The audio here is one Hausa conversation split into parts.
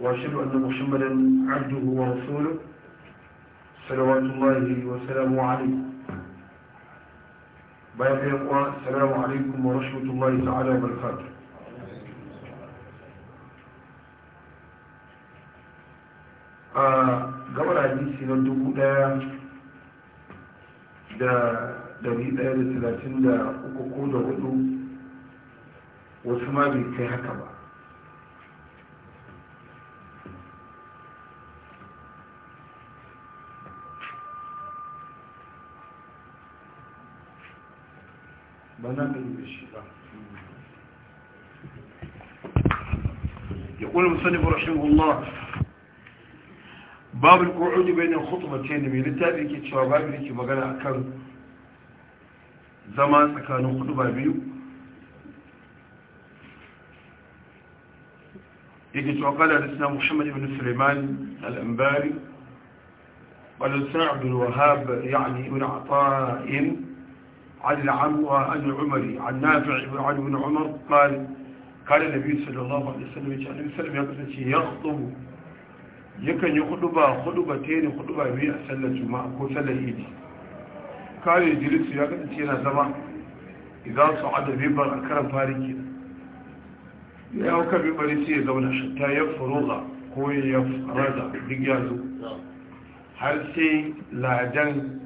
وأشهد أن محمدا عبده ورسوله صلوات الله وسلامه عليه بارك يقوى السلام عليكم ورحمة الله تعالى وبركاته آه، قبل gabar hadisi دا دا daya da dari دا da دا da uku ko da يقول المصنف رحمه الله باب القعود بين الخطبتين من التابع كي شباب لكي بغنا زمان سكانوا خطبة بيو يجي وقال لسنا محمد بن سليمان الأنباري قال لسنا عبد الوهاب يعني ابن عطاء عن عن عمر عن نافع وعن ابن عمر قال قال النبي صلى الله عليه وسلم النبي صلى الله عليه وسلم يخطب yakan yi huduba huduba ta yi huduba biyu a sallar juma'a ko sallar idi kare jirisu ya kasance yana zama idan su ada bibar a karan fari ke ya yawon kan bibari sai ya zauna shatta ya furuza ko ya rada duk har sai ladan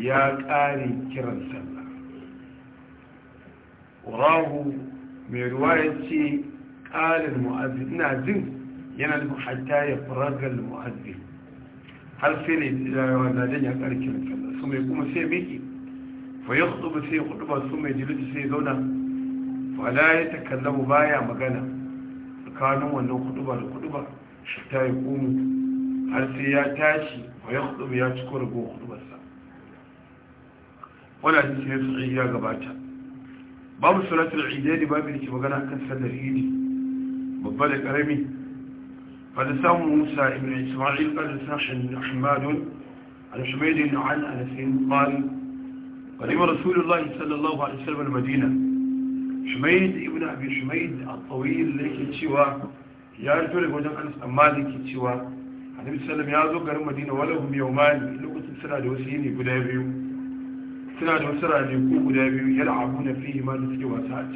ya ƙare kiran rahu mai ruwa ya ce ƙalin mu'azin ina jin yana da hatta ya faragar mu'azin har sai ne wazajen ya ƙarƙi na sallah su mai kuma sai miki fa ya hudu ba sai hudu ba su mai jilutu sai zauna fala ya ta kallamu baya magana tsakanin wannan hudu ba da hudu ba shi ta yi komu har sai ya tashi fa ya hudu ya ci ko rago hudu ba sa wadda shi sai su ya gabata babu suratul idani babu da ke magana kan sadari ne babba da ƙarami fada samun musa ibn isma'il fada sashen ahmadun al-shumaidin na'an al-asirin ƙari ƙarima rasulullah sallallahu alaihi wasallam al-madina shumaid ibn abin shumaid a tsawiyin da yake cewa ya rito da wajen anas amma da yake cewa hadis sallam ya zo garin madina wala hum yawmani lokacin suna da wasu yini guda biyu suna da wasu ko guda biyu yar abu na fi ma da suke wasa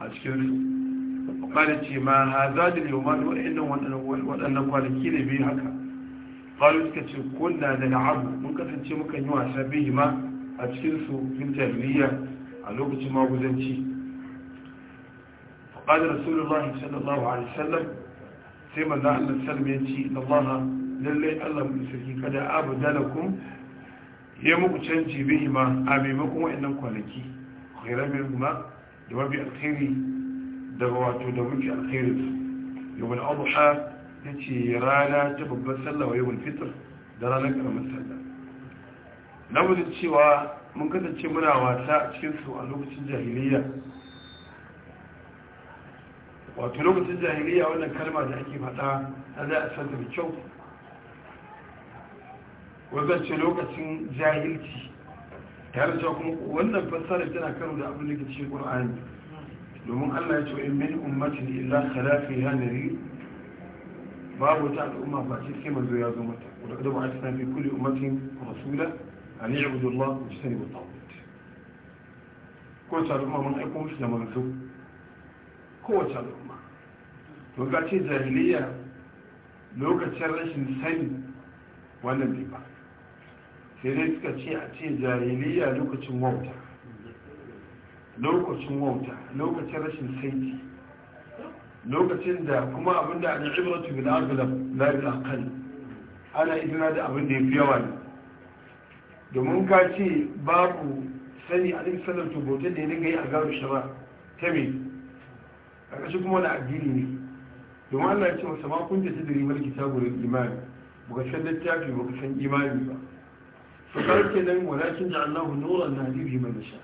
a cikin su kwanan ce ma ha za da yau ma da waɗannan kwanaki da biyu haka kwanan suka ce kunna da abu mun kasance muka yi wasa biyu ma a cikin su fin jahiliya a lokacin maguzanci قال رسول الله صلى الله عليه وسلم سيما الله عليه وسلم ينشي إن الله للي ألم يسرك قد أبدلكم ya muku canci bihi ma a maimakon wa'annan kwanaki khairan mai kuma da mafi alkhairi daga wato da mafi alkhairi yau wani abuha ya ce rana ta babban sallah wa yawon fitar da ranar karamin sallah na wajen cewa mun kasance muna wasa a cikin su a lokacin jahiliya wato lokacin jahiliya wannan kalma da ake faɗa na za a santa da kyau wajen ce lokacin jahilci tare da kuma wannan fassara tana karo da abin da ke cikin qur'ani domin Allah ya ce in min ummatin illa khala fiha nadir babu ta al'umma ba ce sai manzo ya zo mata wa da ba'a tana fi kulli ummatin rasula an ya'budu Allah wa yajtanibu at-taghut ko ta al'umma mun aiko musu da manzo kowace al'umma to ga ce jahiliya lokacin rashin sani wannan bai ba sai suka ce a ce jahiliya lokacin wauta lokacin wauta lokacin rashin saiti lokacin da kuma abinda a ibratu bil aghlab la a aqal ana idina da abin da ya fi yawa ne domin ka ce babu sani a ɗin sanar tubotin da ya dinga yi a garu shara ta me a kuma wani addini ne domin Allah ya ce masa ma da ta dirimar kitabu da imani buka san littafi buka san imani ba to kar kenan walakin da Allah nuran na bibi mai nasha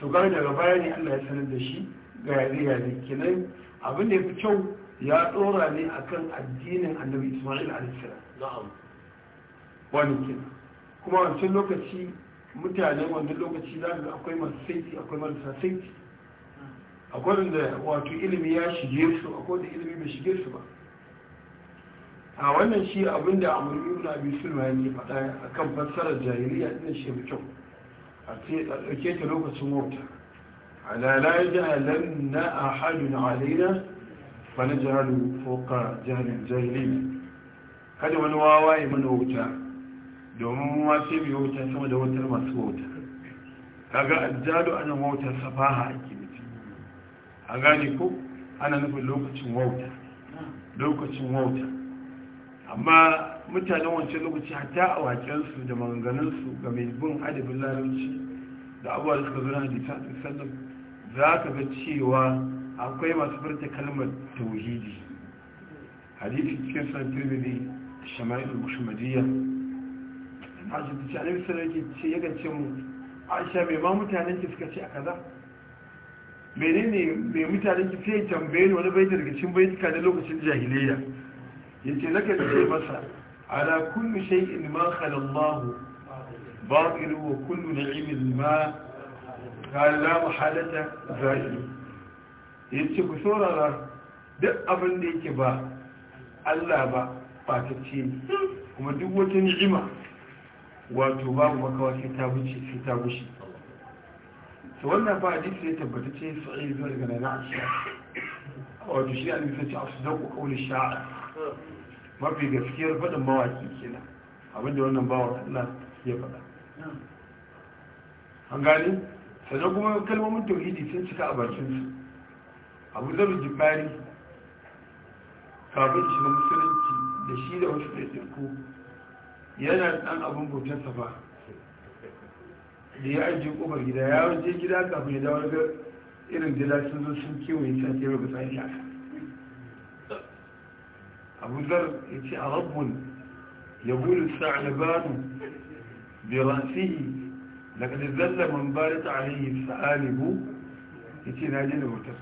to kar daga baya ne Allah ya sanar da shi ga yare yare kenan abin da ya fi kyau ya dora ne akan addinin annabi Ismail alaihissalam na'am wani kenan kuma wancan lokaci mutane wani lokaci za ga akwai masu saiti akwai marasa saiti akwai da wato ilimi ya shige su akwai da ilimi bai shige su ba a wannan shi abin da amur ibn abi sulma ne faɗa a kan fassarar jahiliya ɗin shi mai kyau a ɗauke ta lokacin wauta a la jahalan na na alaina ba na jahalu foka jahalin jahiliya kada wani wawa ya mana wauta domin ma sai mai wauta sama da wutar masu wauta kaga addalu ana wautar safaha a kimiti a gane ko ana nufin lokacin wauta lokacin wauta amma mutanen wancan lokaci hatta a wakensu da maganganunsu ga mai bin adabin larabci da abuwa da suka zuna hadisa sallam za ka ga cewa akwai masu furta kalmar tauhidi hadisi cikin san tirmidhi shama'il al madiyya na ji ta ce yake ce yakan ce mu aisha mai ma mutanen ki suka ce a kaza menene mai mutanen ki sai tambaye ni wani baiti daga cikin baitika na lokacin jahiliyya yace nake ce masa ala kullu shay'in ma khala Allah batil wa kullu ni'min ma qala la muhalata zahir yace ku saurara duk abin da yake ba Allah ba fatacce kuma duk wata ni'ima wato babu makawa sai ta wuce sai ta gushe to wannan ba hadisi ya tabbata ce sa'i zuwa daga nana a wato shi ne a nufin ce a su zaƙo ƙaunin sha'a mafi gaskiyar faɗin mawaki nan, abinda wannan bawa Allah ya faɗa an gani, sannan kuma kalmomin tauhidi sun cika a bakinsu abu zarar jibari kafin shiga musulunci da shi da wasu ɗaiɗaiku yana ɗan abin bautar safa da ya ajiye ƙofar gida ya wuce gida kafin ya dawo ga irin gida sun zo sun kewaye ta kewaye ba sa yi abu ya ce a rabbun ya bulu sa'alibanu bi rasihi daga da zalla man bari ta alayhi sa'alibu ya ce na ji da mutar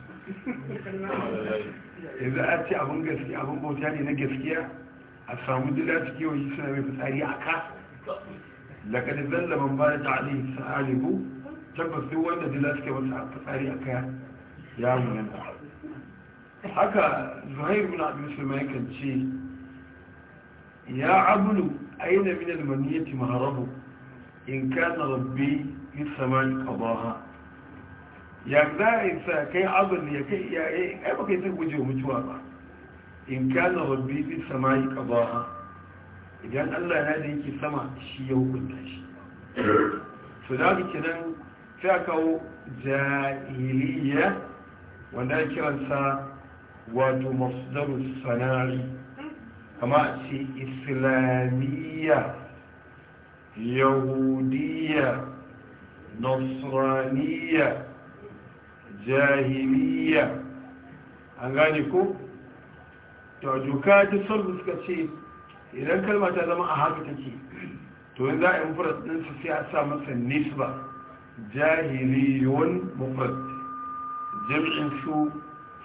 yanzu a ce abin gaskiya abin bauta ne na gaskiya a samu dila su kewa suna mai fitsari a ka daga da zalla man bari ta alayhi sa'alibu tabbas duk wanda dila su kewa su fitsari a ka ya munanta haka zuhair bin abu musulman kan ce ya abulu aina min maniyyati maharabu in na rabbi fi saman kabaha ya za in sa kai da ya kai ya ai baka ta guje mutuwa ba in na rabbi fi saman kabaha idan Allah ya da yake sama shi ya hukunta shi to da kenan sai aka kawo jahiliya wanda ya kiransa wato masdarus sanari, kama a ce islamiyya yahudiyya nasraniyya jahiliya an gane ko to doka ta sardu suka ce idan kalma ta zama a haka take to yin za a yi mufrat ɗinsu sai a sa masa nisba jahiliyun mufrat jami'in su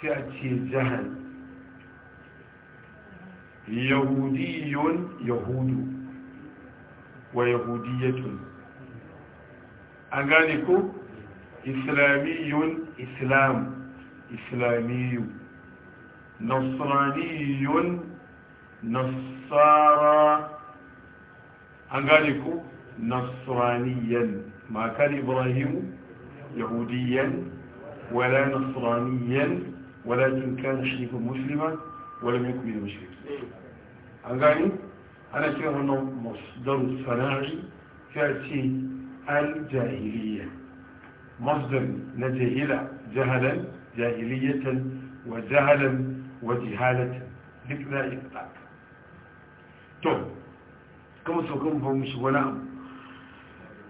تأتي الجهل يهودي يهود ويهودية أغانك إسلامي إسلام إسلامي نصراني نصارى أغانك نصرانيا ما كان إبراهيم يهوديا ولا نصرانيا walakin kan shi muslima wala mai kuma mushrik an gani ana kira wannan masdar sana'i ta ce al-jahiliya masdar na jahila jahalan jahiliyatan wa jahalan wa jihalatan duk na iftaq to kuma so kan ba mushi wani abu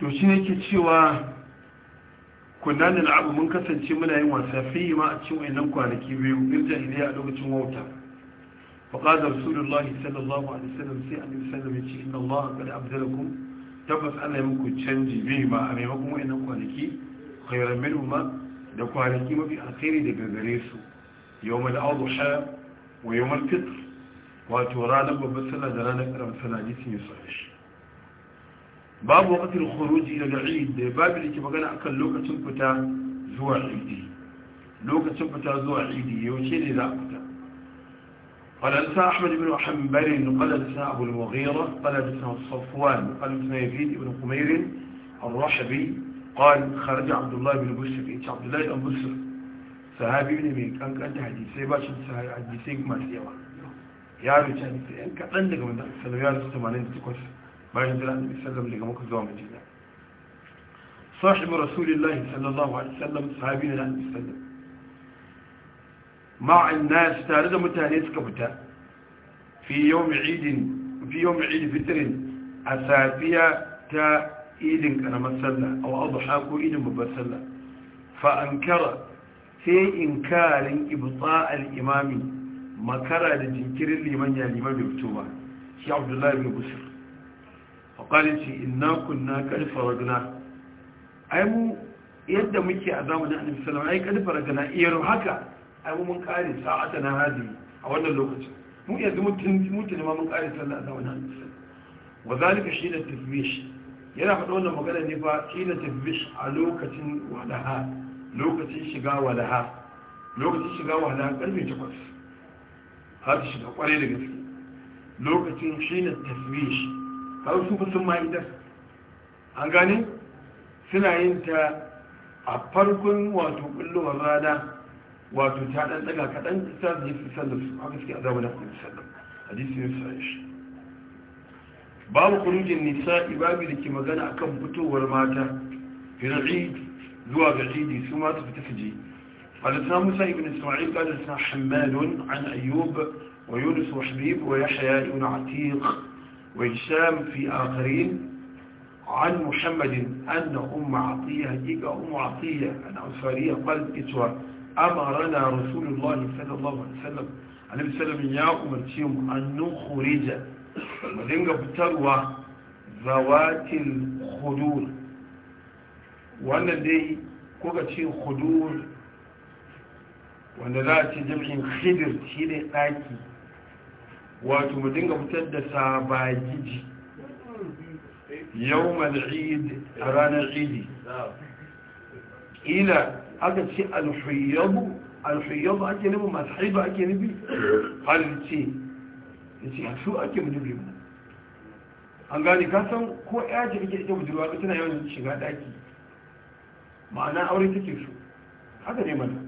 to shi ne ke cewa kunna da abu mun kasance muna yin wasa fi ma a cikin wayannan kwanaki biyu bin jahiliya a lokacin wauta faqala rasulullah sallallahu alaihi wasallam sai annabi sallallahu alaihi wasallam ya ce allah qad abdalakum tabbas allah ya muku canji bi ma a maimakon wayannan kwanaki khayran minhum da kwanaki mafi alkhairi daga gare su yawm al-adha wa yawm al wato ranar babban sallah da ranar karamin sallah ne su yi babu wakatar kwaroji daga eid da babu da ke magana a kan lokacin fita zuwa eid lokacin fita zuwa eid yau ce ne za a fita ƙwararsa ahmad ibn hanbarin ƙwararsa abul maghira ƙwararsa safwan ƙwararsa yafid ibn kumairin al-rashabi ƙwar kharji abdullahi ibn busir ya ce abdullahi ibn busir sahabi ne mai kankan da hadisai ba shi da hadisai kuma yawa ya rica ne sai yan kaɗan daga wanda sanayyar 88 بعد ذلك النبي صلى الله عليه وسلم صاحب رسول الله صلى الله عليه وسلم صحابين الله عليه مع الناس تارد متانيس كبتا في يوم عيد في يوم عيد فتر أسافيا تا إيد أنا مسلا أو أضحاك إيد مبسلا فأنكر في إنكار إبطاء الإمام مكر لجنكر لمن يعني ما بيبتوبة في عبد الله بن بسر faƙarin ce inna kunna ƙarfa ragna ai mu yadda muke a zamanin annabi sallallahu alaihi wasallam ai ƙarfa ragna iyar haka ai mu mun ƙare sa'ata na hadi a wannan lokacin mu yanzu mutum mutun ma mun ƙare sallah a zamanin annabi sallallahu wa zalika shi da tafbish yana faɗa wannan magana ne fa shi da tafbish a lokacin walaha lokacin shiga walaha lokacin shiga walaha ƙarfe 8 har shiga kwarai da gaske lokacin shi na tafbish kawai su sun ma'idar an gane suna yin ta a farkon wato kullowar rana wato ta ɗan ɗaga kaɗan ta zai fi sallar su haka suke azaba na kullum sallar hadisi yin sa'in shi babu kurujin nisa ibabi da ke magana akan fitowar mata fir'i zuwa ga idi su ma su fita su je حدثنا موسى بن إسماعيل قال حدثنا حماد عن أيوب ويونس وحبيب ويحيى بن عتيق وهشام في آخرين عن محمد أن أم عطية إيجا أم عطية الأنصارية قالت إتوى أمرنا رسول الله صلى الله عليه وسلم أن صلى الله عليه أن نخرج ودنجا بتروى ذوات الخدور وأن دي كوكتين خدور وأن لا تجمعين خدر تيني آتي wato mu dinga fitar da sabagiji yau mal'id a ranar idi ila aka ce alhuyyabu alhuyyabu ake nufi masu haiba ake nufi halce ya ce su ake mudubi mu an gane kasan ko ya ce ake ita budurwa ka tana yawan shiga daki ma'ana aure take su haka ne mana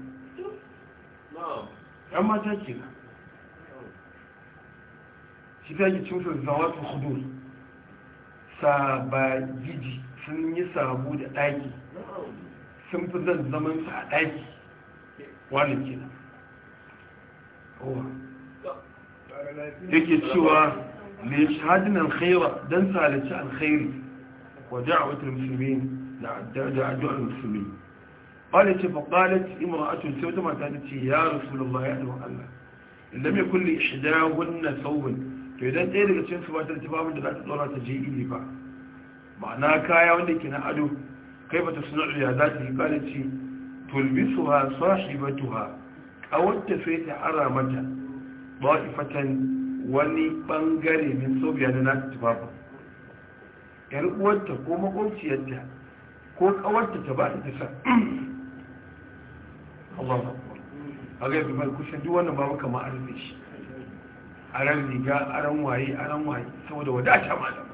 yan mata ke na kifaki cufin zawatu hudur sabagiji sun yi sabu da ɗaki sun fi zan zaman a ɗaki wani kina yake cewa mai shahadin alkhaira don salici alkhairi wa da'awatar musulmi da addu'ar musulmi wani ce faƙalat imara'atun sai wata mata ta ce ya rasu da bayan allah idan mai kulle to idan ɗaya daga cikin su ta tafi da za ta tsora ta je iri ba ma'ana kaya wanda ke na ado kai bata suna ya za ta yi ƙalici tulbisu ha ba tuwa, ƙawarta sai ta ara mata ifatan wani ɓangare min sobiya na tafi ba yar uwarta ko makwabciyarta ko ƙawarta ta ba ta ta sa Allah ba a gaifin ba mai duk wannan ba maka ma'arfe shi aran riga aran waye aran waye saboda wadata malam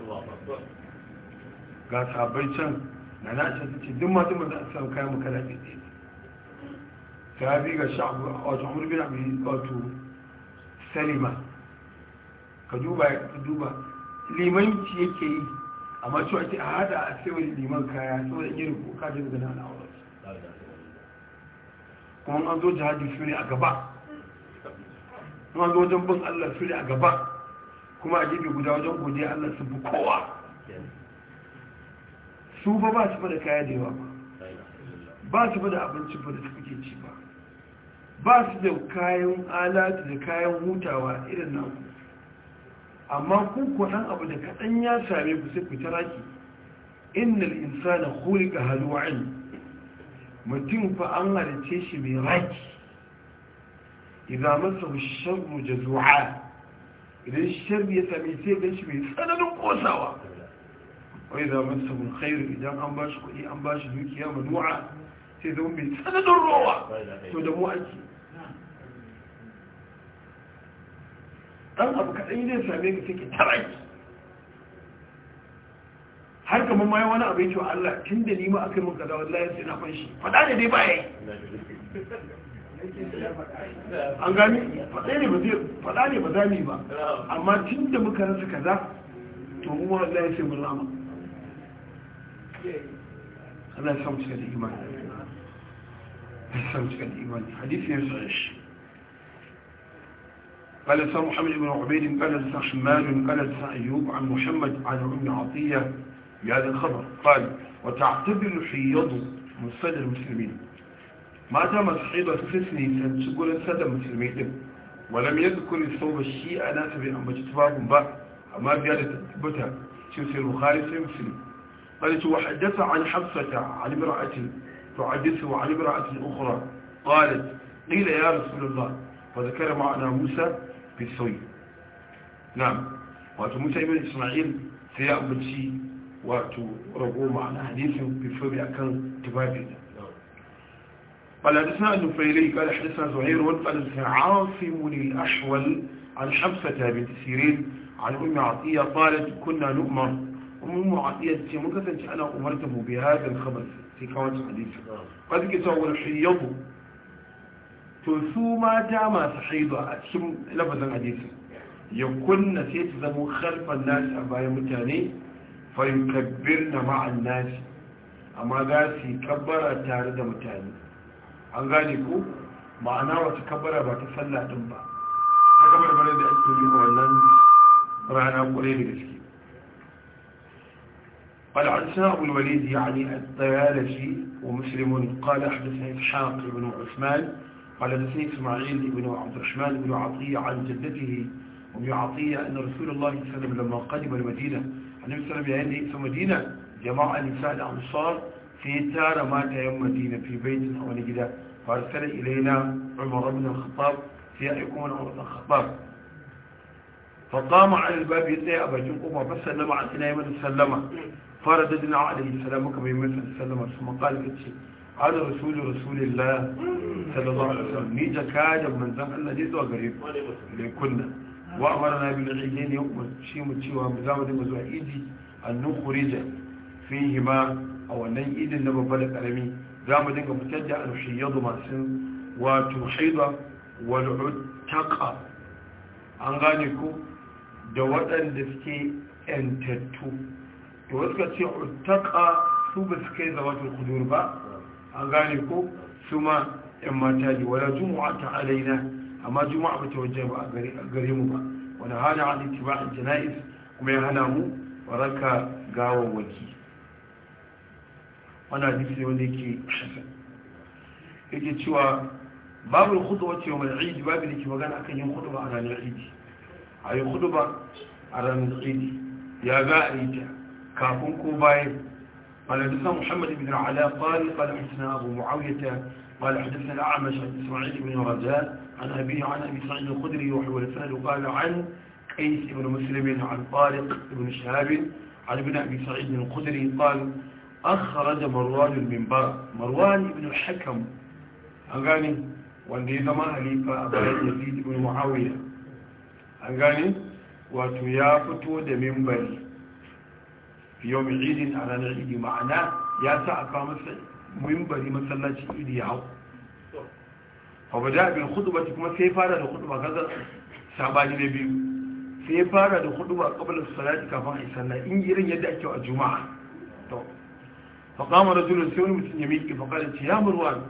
ga sabai can na nace su ce duk masu maza san kayan makana ke tsaye sahabi ga sha'abu wato amur bin abin wato salima ka duba ka duba limanci yake yi amma cewa ake hada a sai wani liman kaya saboda irin ko da daga na kuma an zo jihadi su ne a gaba kuma ga wajen bin Allah su ne a gaba kuma a gefe guda wajen godiya Allah su bi kowa su ba ba su da kaya da yawa ba ba su da abinci ba da kuke ci ba ba su da kayan alatu da kayan hutawa irin nan amma kun kwanan abu da kaɗan ya same ku sai ku ta raki innal insana khuliqa halu'an mutum fa an halice shi mai raki idza masahu sharru jazua idan sharri ya same sai gan shi mai tsananin kosawa wa idza masahu khairu idan an ba shi kuɗi an ba shi dukiya manu'a sai zama mai to da mu same ka take taraki har kamar ma wani abu ya Allah tun da nima aka yi maka da wallahi sai na fanshi faɗa da dai baya yi an gani faɗa ne ba zai faɗa ne ba zami ba amma tun da muka rasa kaza to mu Allah ya ce mun rama Allah ya samu cika da imani ya samu cika da imani hadisi ya zuwa shi قال لسان محمد بن عبيد قال لسان شمال قال لسان أيوب عن محمد عن ابن عطية بهذا الخبر قال وتعتبر حيض من صدر المسلمين ما دام مسحيبة فسني تقول السادة الميتم ولم يذكر الصوب الشيء ناس بين أما جتفاهم با أما بيادة تثبتها شو سير مخالي سيمسلم قال شو حدث عن حفصة عن امرأة تعدثه عن امرأة أخرى قالت قيل يا رسول الله فذكر معنا موسى بالسوي نعم وقت موسى ابن إسماعيل سيأبد شيء وقت رغو معنا حديثه بالسوي بأكل تبابي قال حدثنا النفيري قال حدثنا زهير قال عاصم الأحول عن حفصة بنت سيرين عن أم عطية قالت كنا نؤمر أم عطية مكتبت أنا أمرته بهذا الخبر في كوانت حديث قد كتاب الحيض تنسوما جامع تحيض أتشم لفظا حديث يكن سيتزم خلف الناس أبايا متاني فيكبرن مع الناس أما ذا سيكبر تارد متاني an gane ko ma'ana wata kabara ba ta sallah din ba ta da ake yi a wannan rana kwarai da gaske قال عن أبو الوليد يعني الطيالسي ومسلم قال حدثنا إسحاق بن عثمان قال حدثني إسماعيل بن عبد الرحمن بن عطية عن جدته وابن عطية أن رسول الله صلى الله عليه وسلم لما قدم المدينة النبي صلى الله عليه وسلم يعني في المدينة جماعة نساء الأنصار في ya tara mata yan في بيت baitin a فأرسل إلينا عمر بن الخطاب في al-khattab sai ya فقام على الباب يتي أبا قوما فسلم على سنة يمن سلم فرددنا عليه السلام كما يمن سلم ثم قال كتشي على رسول رسول الله صلى الله عليه وسلم نيجا كاجا من زم أن نجيز وقريب لكنا وأمرنا بالعيدين يوم شيم تشيوها مزامة مزوعيدي أن نخرج فيهما a wannan idin na babba da karami za mu dinga fitar da alshiyadu masu wato haida wal'utaka an gane ko da waɗanda suke yantattu to wasu ce utaka su ba su kai zama kudur ba an gane ko su ma yan mata ne wala juma'a ta alaina amma juma'a ba ta wajen ba a gare mu ba wani hana an a jana'is kuma ya hana mu waraka gawan waki wani hadisi wanda yake yake cewa babu khutba ce mai eid babu da ke magana akan yin khutba a ranar eid a yi khutba a ranar ya kafin ko bayan قال حدثنا محمد بن علاء قال قال حدثنا أبو معاوية قال حدثنا الأعمش عن إسماعيل بن رجاء عن أبيه عن أبي سعيد الخدري وحول ولسانه قال عن قيس بن مسلم عن طارق بن شهاب عن ابن أبي سعيد الخدري قال أخرج مروان المنبر مروان بن الحكم أغاني wanda ya zama halifa a bayan yazid ibn muawiya an gane wato ya fito da mimbari yau mai idin a ranar idi ya sa a kawo masa mimbari masallacin idi ya hau abu da abin huduba kuma sai fara da huduba kazar sabani na biyu sai fara da huduba kabilar salati kafin a yi sallah in girin yadda ake a juma'a فقام رجل سيوني مثل يميكي فقال يا مروان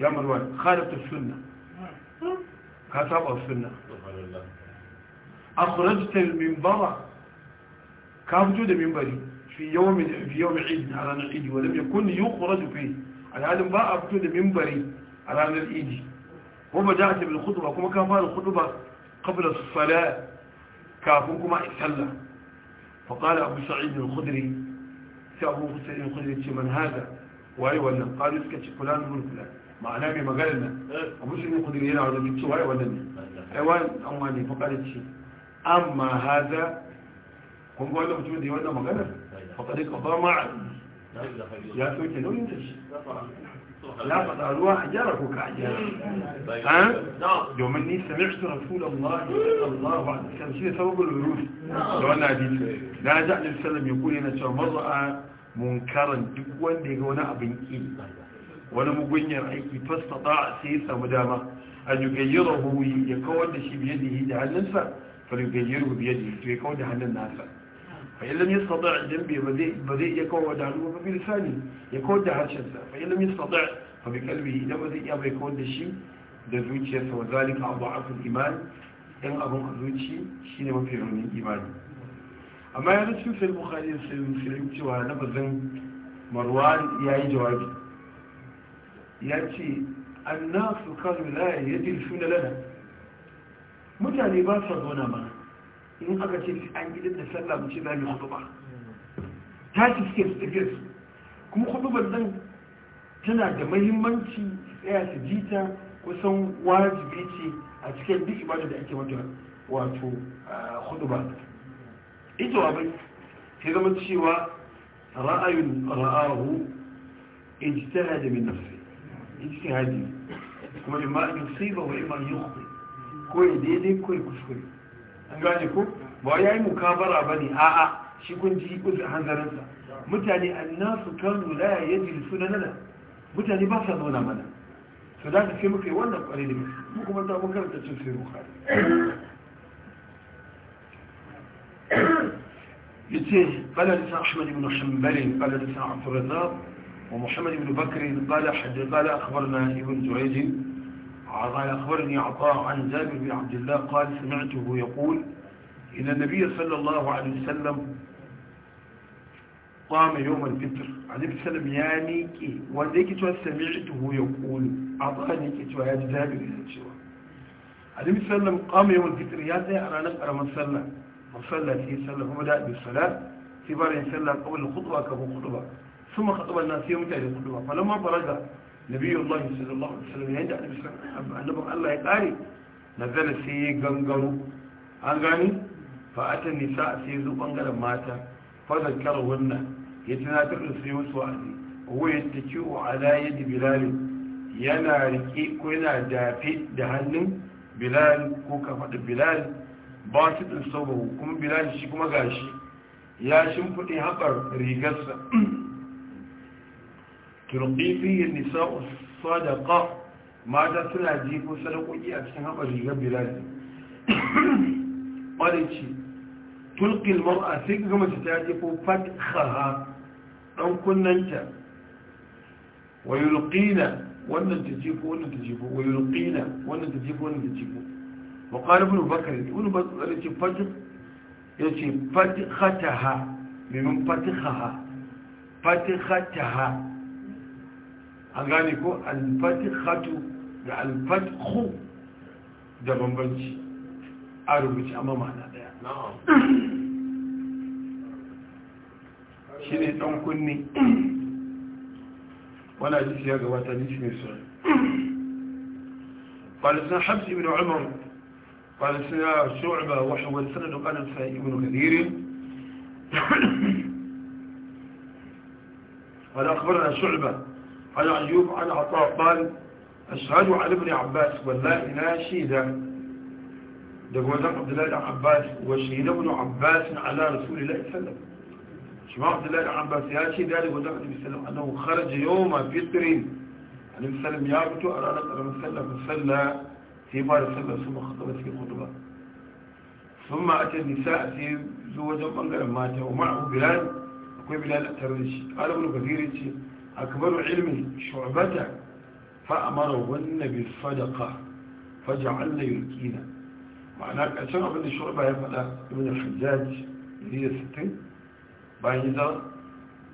يا مروان خالف السنة كتب السنة أخرجت المنبر كان وجود منبري في يوم في يوم عيد على العيد ولم يكن يخرج فيه على هذا ما وجود المنبر منبري على العيد وبدأت بالخطبة كما كان فعل الخطبة قبل الصلاة كافوكما إسلا فقال أبو سعيد الخدري كابو في يخلي شي من هذا واي ولا قال لك شي فلان من فلان معناه ما قالنا ابو شنو يقدر يلا على جبت واي ولا ايوان اماني فقال شي اما هذا هم قالوا له شو دي ولا ما قال فقد قضى مع يا سويت لو انت لا قد الواح جرك وكعجرك ها يوم اني سمعت رسول الله الله كان شيء سبب الورود لو انا عديد لا جعل السلم يقول ان شاء مرأة munkaran duk wanda ya ga wani abin ki wani mugunyar aiki fastata sai ya samu dama an yugayyirahu ya kawar da shi biyar da yi da hannunsa biyar da biyadihi to ya kawar da hannun nasa fa illam yastata jambi a zai ba zai iya kawar da hannun ba lisani ya kawar da harshen sa fa illam yastata fa bi qalbihi idan ba zai iya bai kawar da shi da zuciyarsa wa zalika abu iman dan abun a zuci shine mafi raunin imani amma ya rasu sai bukari da sai sai cewa na bazan marwan ya yi jawabi ya ce annasu kalu la yadilsu lana mutane ba su zauna ba in aka ce an yi da sallah mu ce za mu hudu ba ci suke su tafiya su kuma hudubar nan tana da mahimmanci tsaya su jita kusan wajibi ce a cikin duk ibada da ake mata wato ah, ba izuwa bai ke zama cewa ra'ayin ra'ahu ijtihada min nafsi hajji. kuma sai ba wa yi hukuri ko ya daidai ko ya kuskuri an gane ko ba ya yi muka bara ba ne a'a shi kun ji uzun hanzarinsa mutane annasu kanu la yajlisu nana mutane ba sa zauna mana to da ta ke muka yi wannan kwarai da mu kuma ta mun karanta cin sai bukhari يتيه قال لسان أحمد بن حنبل قال لسان عبد الرزاق ومحمد بن بكر قال حد قال أخبرنا ابن زعيد قال أخبرني عطاء عن جابر بن عبد الله قال سمعته يقول إن النبي صلى الله عليه وسلم قام يوم الفطر ابن سلم يعني كي وذيك سمعته يقول أعطاني كي تهاد يعني جابر ابن سلم قام يوم الفطر يعني أنا نقرأ من سلم وصلى في صلى وبدا بالصلاه في بار صلى sai mutane قبل الخطبه ثم خطب الناس يوم تالي الخطبه فلما فرج نبي الله صلى الله عليه وسلم يدعى النبي الله يقاري sai ya gangaro an gani fa'ata nisa sai zo bangaren mata fazakar wannan ya tunatar da su yi wasu wa'azi wayar ta ciwo ala yadda bilalin yana riƙe ko yana dafe da hannun bilal ko kafaɗa bilal basitin sabo kuma bilashi shi kuma gashi ya shimfiɗe haɓar rigarsa turƙi fiye nisa'u sadaqa mata suna jifo sadakoki a cikin haɓar rigar bilashi ɓarici tulƙil mar'a sai ga mace ta jiko fathaha ɗan kunnanta wayulƙina wannan ta jiko wannan ta wa wayulƙina wannan ta jiko wannan ta jiko وقال ابن بكر يقول التي فجر التي فتختها من فتخها فتختها أغاني كو الفتخة الفتخ ده بنبنج أربج أما معنى ده نعم شيني تون كني ولا جيت يا جواتني شنو قال ابن حبس ابن عمر قال سنة شعبة وحوى السند قال ابن كثير قال أخبرنا شعبة عن أيوب عن عطاء قال أشهد على ابن عباس والله لا شهد دقوة عبد الله بن عباس وشهد ابن عباس على رسول الله صلى الله عليه وسلم شما عبد الله بن عباس يا شهد ذلك ودعا النبي صلى الله عليه وسلم أنه خرج يوم فطر النبي صلى الله عليه وسلم يابتو أرادة النبي صلى الله عليه وسلم sai ba da sallar su makasar suke hudu ba sun ma a can nisa a sai zo wajen bangaren mata wa ma'ahu bilal akwai bilal a tare da shi alamun gazirin ce a kamar ilmi shu'abata fa a amara wannan bi sadaka fa ja'alla yulkina ma'ana ƙarshen abin da shu'aba ya faɗa ibn hajjaj da sittin bayan zama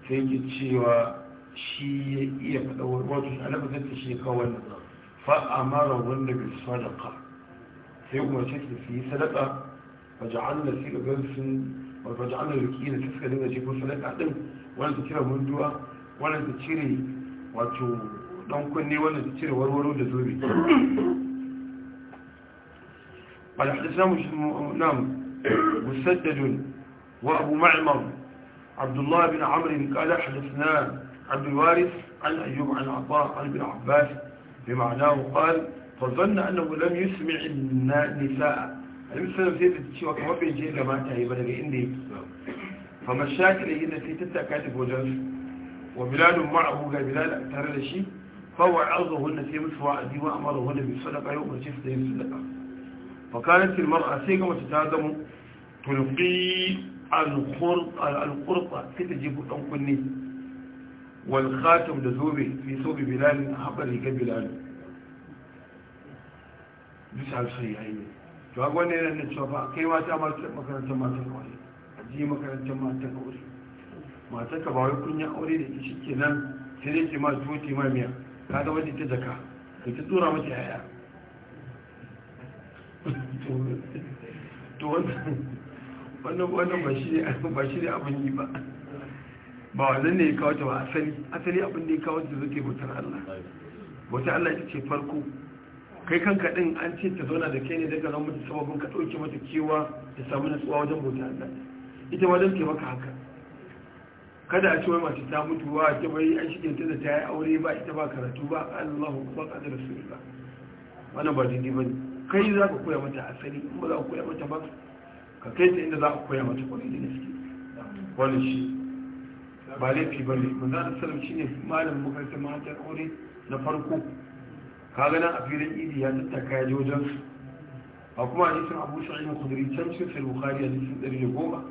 sai yake cewa shi ya iya faɗa wato shi alamun zai shi kawo wannan فأمره بالصدقة صدقة سيقوم شكل فيه صدقة فجعلنا سيئة جنس وفجعلنا لكينا تسكى لنا جيبوا صدقة دم ولا تتيرى مندوة ولا تتيري واتو دون كني ولا تتيري ورورو جزوبي قال حدثنا مش نعم مسدد وأبو معمر عبد الله بن عمرو قال حدثنا عبد الوارث عن أيوب عن عطاء عن ابن عباس بمعناه قال فظن أنه لم يسمع النساء النبي صلى الله عليه وسلم cewa kamar bai je da mata yi ba daga inda yake fa mashaki da yin sai tattaka ta godan wa biladun ma'ahu ga bilal tare da shi fa wa'azuhu na sai musu wa'azi wa amaruhu da da sai ga mace ta zama tulqi al sai ta wal da zobe fi sobe bilalin a haɓar rigar bilalin bisa alfai yayi ne to haka wannan yana cewa ba kai mata makarantar mata kawai a ji makarantar mata kawai mata ka ba wai kun yi aure da ita shike nan sai dai ke ma tuwo ke ma miya ka ga wata ita jaka ka ta tsora mata yaya to wannan ba shi ne abin yi ba ba wannan ne ya kawo ta ba asali asali abin da ya kawo ta zuke bautar Allah bautar Allah ita ce farko kai kanka din an ce ta zauna da kai ne daga ran da sababin ka ɗauke mata kewa da samu nutsuwa wajen bautar Allah ita ma don taimaka haka kada a ce wai mace ta mutu wa ta bai an shige ta da ta yi aure ba ita ba karatu ba Allahu ba ka da rasulullah wannan ba dindi bane kai za ka koya mata asali in ba za ka koya mata ba ka kai ta inda za ka koya mata kwarai da gaske wannan shi ba laifi ba ne a sarar shi ne malin makarta matan aure na farko kaga a filin idi ya tattaka ya wajen su a kuma a nisan abu sa'in kudiri can cin sai bukari a nisan ɗari da goma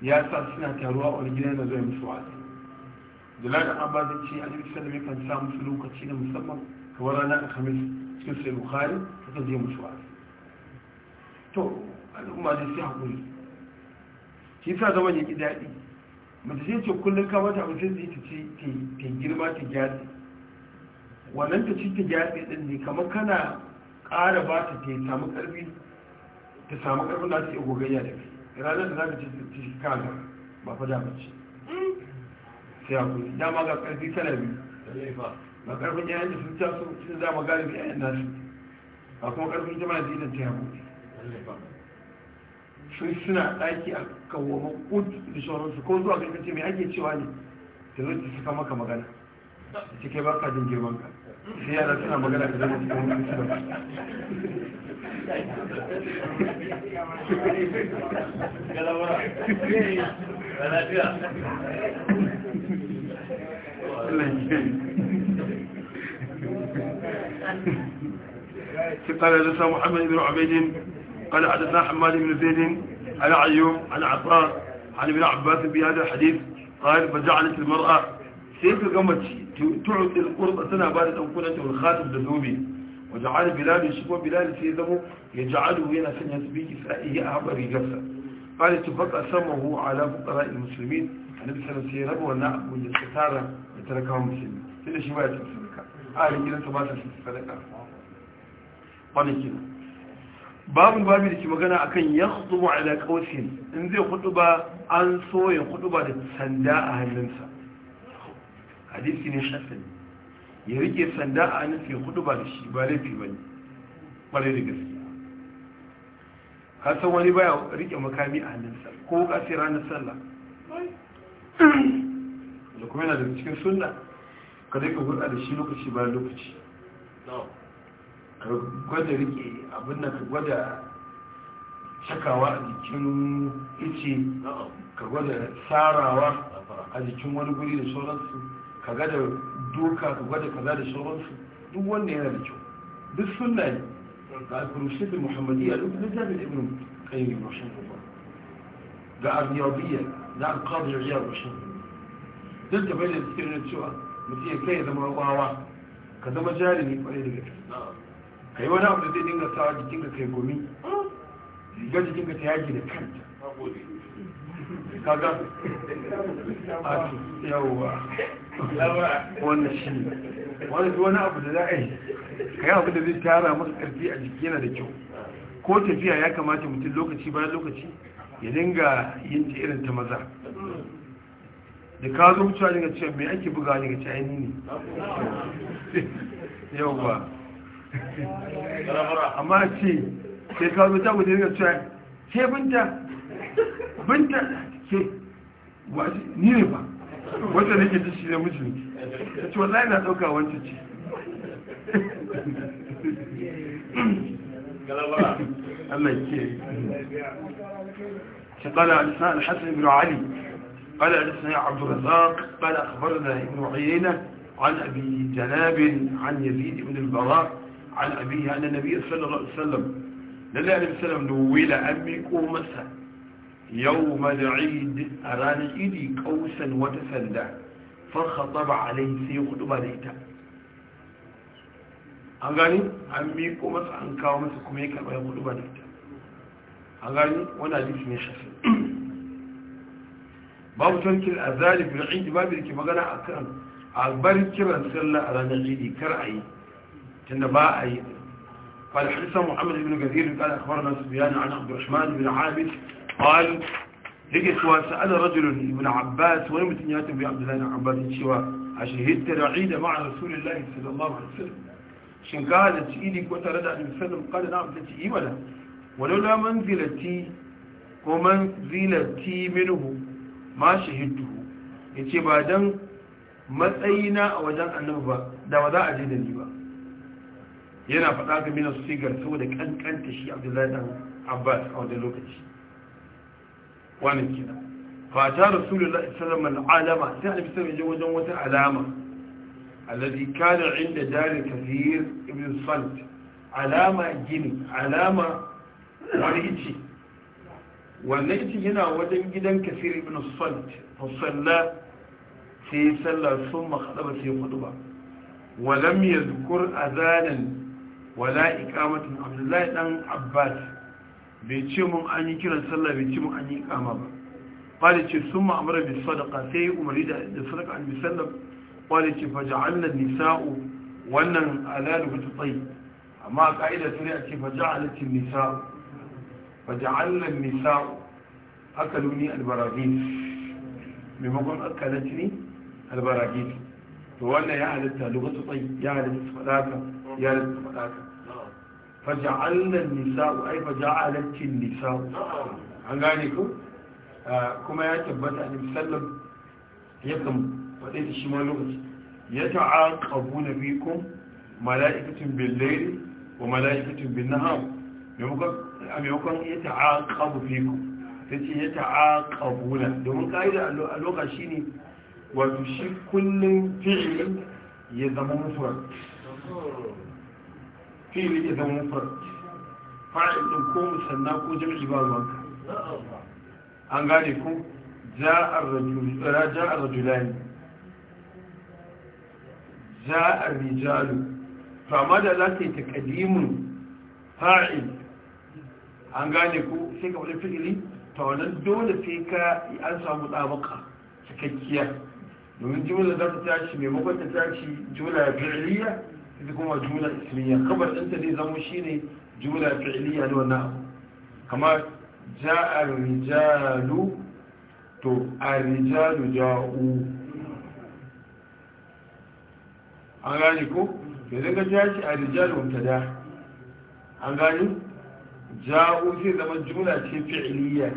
ya sa suna taruwa a wani gidan na zai musu lada an ba zai ce a nisan mai kan sa musu lokaci na musamman kamar a kamis cikin sai bukari ta je musu wasu. to al'umma zai sai haƙuri shi sa zaman ya ƙi daɗi mace sai ce kullum ka mata abu sai ta ci ta girma ta gyatsi wannan ta ci ta gyatsi din ne kamar kana ƙara ba ta ta samu ƙarfi ta samu ƙarfin da ta iya gogayya da kai ranar da za ka ci ta ci kaga ba fa dama ce sai a kuri dama ga ƙarfi tana biyu ba ƙarfin yayin da sun ta taso sun zama galibi yayin nasu ba kuma ƙarfin jama'a da idan ta yi haƙuri sun suna daki a kawoma kud da sauransu ko zuwa ga kace mai ake cewa ne da zai ta suka maka magana da cike ba ka jin girman ka sai yara suna magana da zai cikin wani su قال لسا محمد بن عبيد قال حدثنا حماد بن زيد عن عيوب عن عطاء عن ابن عباس بهذا الحديث قال فجعلت المرأة سيف قمتي تعطي القرطة سنة بعد أوكلة والخاتم دذوبي وجعل بلال يشكو بلال سيده يجعله هنا سنة بكسائه أعبر جفة قال تفق أسمه على فقراء المسلمين النبي صلى الله عليه وسلم والنعم والستارة يتركهم مسلمين سنة شباية السلكة آل جنة ما تسلسلكة قال كده babu babu da ke magana a kan ya hutuba a kausin in zai ba an soya hudu ba da sanda a hannunsa hadisi ne shafin ya rike sanda a hannunsa ya ba da shi ba laifi ba ne ƙwarai da gaske kasan wani baya rike makami a hannunsa ko kasi ranar sallah da kuma yana daga cikin sunna ka zai ka hulɗa da shi lokaci bayan lokaci gwada rike abin da ka gwada sakawa a jikin ice ka gwada sarawa a jikin wani guri da sauransu ka gada doka ka gwada kaza da sauransu duk wanda yana da kyau duk sunna ne ga al-kurusuf muhammadiyya duk da littafin ibn qayyim rashin ruwa ga ar-riyadiyya da al-qadi riyad rashin duk da bai da cikin cewa mutum ya kai zama wawa ka zama jarumi kwarai da gaske ka yi wani abu da zai dinga sawa jikinka kai gumi rigar jikinka ta yaki da kanta kaga a yawa wannan shi wani wani abu da za a yi ka yi abu da zai tara masa karfi a jiki yana da kyau ko tafiya ya kamata mutum lokaci bayan lokaci ya dinga yin ta irin ta maza da ka zo wucewa daga cewa mai ake buga daga cewa ne yau ba amma ce sai ka zo ta guda daga cewa ce binta binta ce ni ne ba wata nake ta shi ne mijinki ta ce wallahi na ɗauka wancan ce الله يكيه قال حدثنا الحسن بن علي قال حدثنا عبد الرزاق قال أخبرنا ابن عيينة عن أبي جناب عن يزيد بن البراء an abiya na nabi sallallahu alaihi wasallam lalle alaihi wasallam da wila an miko masa yau mad'id a ranar idi wata sanda fa khataba alaihi sai hudu ba da ita an gani an miƙo masa an kawo masa kuma ya karɓa ya hudu ba da ita an gani wani hadisi ne babu tarkin azali da magana a bar kiran sallah a ranar kar a yi tunda ba a yi قال حدثنا محمد بن كثير قال أخبرنا سفيان عن عبد الرحمن بن عابد قال لقيت وسأل رجل ابن عباس ولم يتم عبد الله بن عباس شوى أشهدت العيد مع رسول الله صلى الله عليه وسلم شن قال تشيدي كنت رد عن وسلم قال نعم تشيدي ولا ولولا منزلتي ومنزلتي منه ما شهدته يتي بعدن matsayina a wajen annabi ba da ba za a je da ni ba yana faɗa ga mina sigar saboda kankanta shi abdullahi dan abbas a wani lokaci wani kina fata rasulullah sallallahu alaihi wasallam alama sai annabi sallallahu alaihi wajen wata alama alladhi kana inda dari kathir ibn salt alama gini alama wani ici wannan ici yana wajen gidan kathir ibn salt fa salla sai sallah sun makhdaba sai khutba ولم يذكر أذانا wala ikamatin abdullahi dan abbas bai ce mun an yi kiran sallah bai ce mun an yi iqama ba qala ce summa amara bis sadaqa sai umari da sadaqa an bisallam qala ce faj'alna nisa'u wannan alalu tsayi. amma a kaida sai a ce faj'alat nisa'u faj'alna nisa'u akaluni albaragis maimakon haka na akalatni albaragis to wannan ya halitta lokacin tsayi ya halitta fadaka ya halitta fadaka faja'alna nisa'u ai faja'alatin nisa'u an gane ku kuma ya tabbata a sallam yakan faɗe da shi ma lokaci ya ta'aqabu nabikum mala'ikatun bil layli wa mala'ikatun bin nahar a maimakon ya ta'aqabu fikum sai ya ta'aqabu na domin ka'ida a lokaci shine wato shi kullum fi'ilin ya zama mutuwar fi'ili ya zama mufrad fa'il din ko musanna ko jami'i ba ruwanka an gane ko ja'ar rajul ja'ar rajulani rijalu to amma da za ta yi kadimun fa'il an gane ko sai ka wani fi'ili ta wannan dole sai ka an samu ɗabaka cikakkiya domin jimla za ta tashi maimakon ta tashi jimla fi'iliya ita kuma jumla ismiya kabar ɗinta zai zama shi ne jumla fi'iliya ne wannan abu kamar ja'a rijalu to a rijalu ja'u an gani ko ya daga jashi a rijalu mubtada an gani ja'u sai zama jumla ce fi'iliya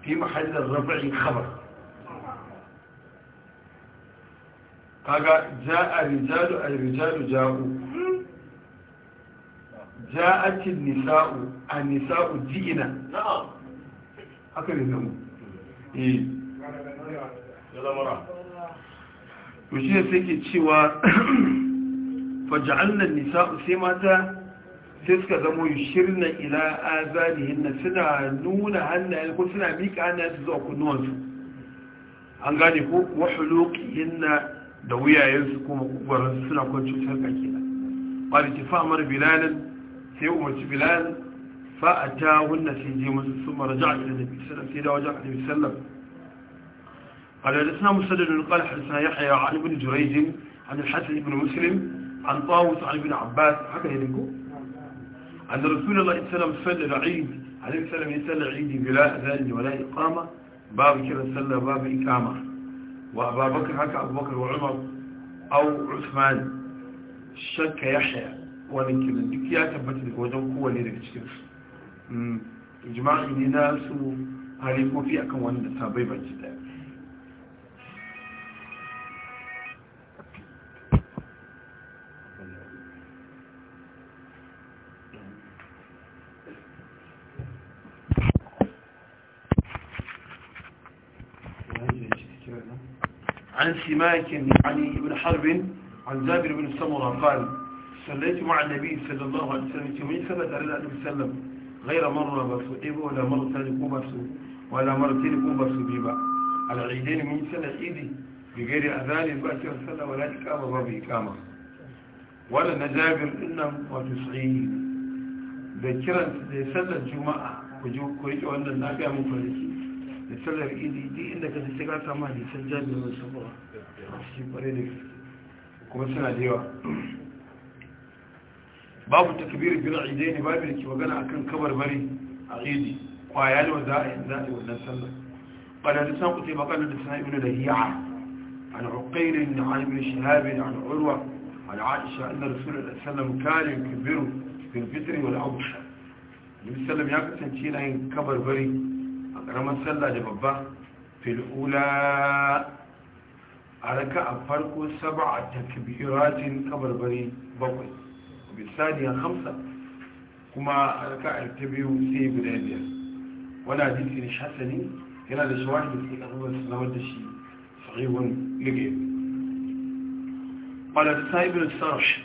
fi mahallin rafi'in khabar kaga a rijalu a rijalu ja'u cin nisa'u a nisa'u ji'ina haka ne zama eh to shi ne sai ke cewa faja'alna nisa'u sai mata sai suka yi shirna ila azanihin suna nuna hannayen ko suna miƙa hannayen su zuwa kunnuwansu an gane ko wahuluki na da wuyayensu kuma kukwaransu suna kwanci sarka kenan ƙwari ce fa'amar bilanin sai umarci bilal ta wunna sai je musu sun maraja a da nabi sallam sai da wajen annabi sallam قال حدثنا مسدد قال حدثنا يحيى عن ابن جريج عن الحسن بن مسلم عن طاووس عن ابن عباس هكذا يذكر أن رسول الله صلى الله عليه وسلم صلى العيد عليه وسلم يصلى العيد بلا أذان ولا إقامة باب كذا باب إقامة وأبا بكر حكى أبو بكر وعمر أو عثمان شك يحيى wani kenan duk ya tabbata daga wajen kowane daga cikin su ijma'i ne na su akan wani da sabai baki daya شماك عن علي بن حرب عن جابر بن سمرة قال صليت مع النبي صلى الله عليه وسلم يومين ثبت على النبي صلى الله عليه وسلم غير مرة بسوئب ولا مرة تلقوا بسوئب ولا مرة تلقوا بسوئب على عيدين من سنة عيدي بغير أذان بأس وسلم ولا إكامة ولا إكامة ولا نجابر إنهم وتسعين ذكرا سنة الجمعة وجوك ويجوا أن النبي مفرس da sallar idi duk inda ka sai ka samu hadisan jami'in wasu ba a cikin kware da kuma suna da yawa babu a bil idaini babu da ke magana kan kabar bari a idi kwaya ne wanda a yi wannan sallar قال لسان قتيبة قال لسان ابن لهيعة عن عقيل عن ابن شهاب عن عروة عن عائشة a da الله صلى الله عليه وسلم كان يكبر في الفطر والعبش النبي صلى الله عليه وسلم يكتن تينا kabar-bari. karamar sallah da babba fil'ula a raka a farko saba a takbiratin kabarbari bakwai bisaniyar hamsa kuma a raka a ta sai guda biyar wani hadisi ne shasani yana da shawar da suke karuwar sanawar da shi sahihun lige قال السائب السرش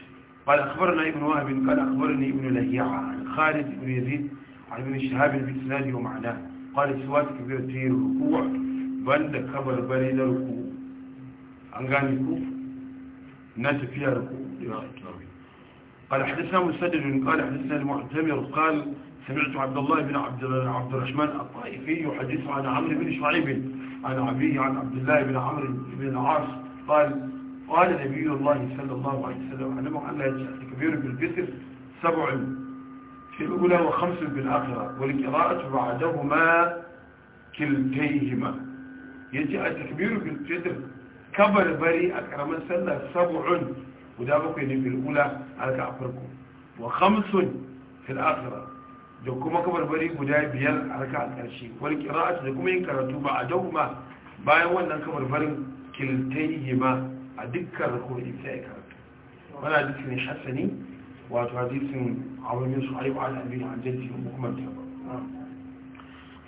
قال أخبرنا ابن وهب قال أخبرني ابن لهيعة عن خالد بن يزيد عن ابن شهاب بن سناد ومعناه قال سوى كبير في ركوع بند كبر بري لا ركوع an gane ku na tafiya قال حدثنا مسدد قال حدثنا المعتمر قال سمعت عبد الله بن عبد عبد الرحمن الطائفي يحدث عن عمرو بن شعيب عن أبيه عن عبد الله بن عمرو بن العاص قال قال نبي الله صلى الله عليه وسلم علم أن الكبير بالبكر سبع في الأولى وخمس بالآخرة والقراءة بعدهما كلتيهما يجي التكبير بالقدر كبر بري أكرم سنة سبع ودابك يعني في الأولى على كأفركم وخمس في الآخرة دوكما كبر بري ودابيا على كأفرشي والقراءة دوكما ينكرتوا بعدهما bayan wannan kamar barin kiltayi ma a dukkan rukunin sai karatu wani hadisi ne hasani wato hadisin abin yin shu'aib عن abin an jaddi wa hukumanta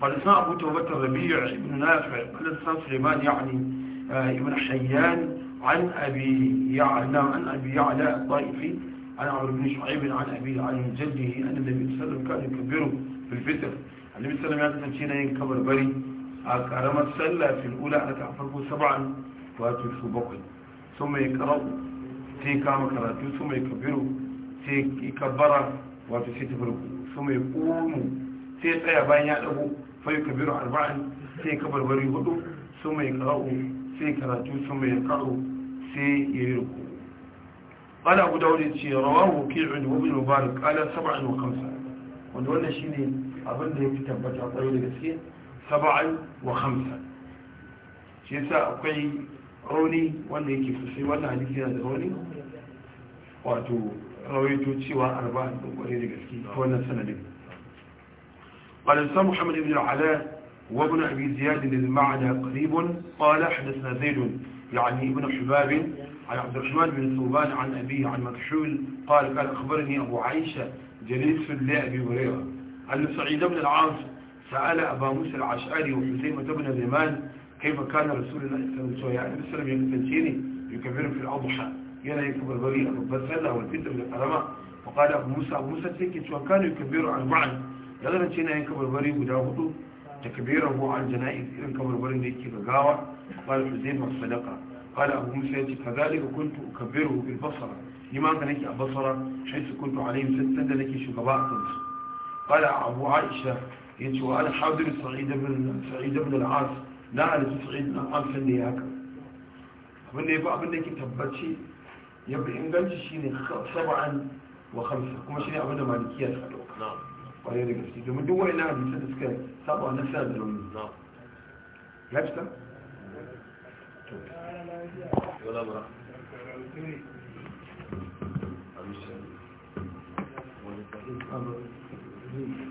قال اسمع أبو توبة الربيع ابن نافع قال اسمع سليمان يعني آه، ابن حيان عن أبي يعلى عن أبي يعلى الطائفي عن عمر بن شعيب عن أبي عن جده أن النبي صلى الله عليه كان يكبره في الفتر النبي صلى الله عليه وسلم كان ينكبر بري أكرم السلة في الأولى أتعفره سبعا وأتلف بقل ثم يقرأ تيكا مكراتي ثم يكبره sai ki kabbara wato sai ta farko su mai ƙunu sai tsaya bayan ya ɗago fa kabiru arba'in sai ka barbari hudu su mai ƙara'u sai karatu su mai ƙara'u sai ya yi ruku qala guda wani ce rawa hukin wa ibn mubarak wa kamsa wanda wannan ne abin da fi tabbata ƙwayo da gaske wa kamsa shi yasa akwai rauni wanda yake sosai wannan hadisi yana da rauni wato rawaito cewa arba'in din kwarai da gaske ta wannan sanadin قال محمد بن العلاء وابن أبي زياد المعنى قريب قال حدثنا زيد يعني ابن حباب عن عبد الرحمن بن ثوبان عن أبيه عن مكحول قال قال أخبرني أبو عائشة جليس لأبي هريرة أن سعيد بن العاص سأل أبا موسى العشعري وحسين بن زمان كيف كان رسول الله صلى الله عليه وسلم يكفر في الأضحى yana yin kabarbari a babbar sallah wal fitr da karama fa qala abu musa abu musa sai ke cewa kana yukabiru arba'an ya zana ce yana yin kabarbari guda hudu takbiran ko al janaiz irin kabarbarin da yake gagawa qala huzaima sadaqa qala abu musa yace kadhalika kuntu ukabbiru bil basra lima kana yake a basra haythu kuntu alayhim sattan da nake shugaba a kansu قال أبو عائشة يتي وأنا حاضر سعيد بن سعيد بن العاص لا أنا سعيد بن العاص اللي هكذا abin da ya fi abin da ke tabbaci يبقى انجلش شيني سبعة وخمسة كما شيني عبدا مالكية سألوك نعم وهي اللي قلت يجب من دوا إلا عبد السادس كان سبعا نسادس نعم لابسة ولا مرة Thank you.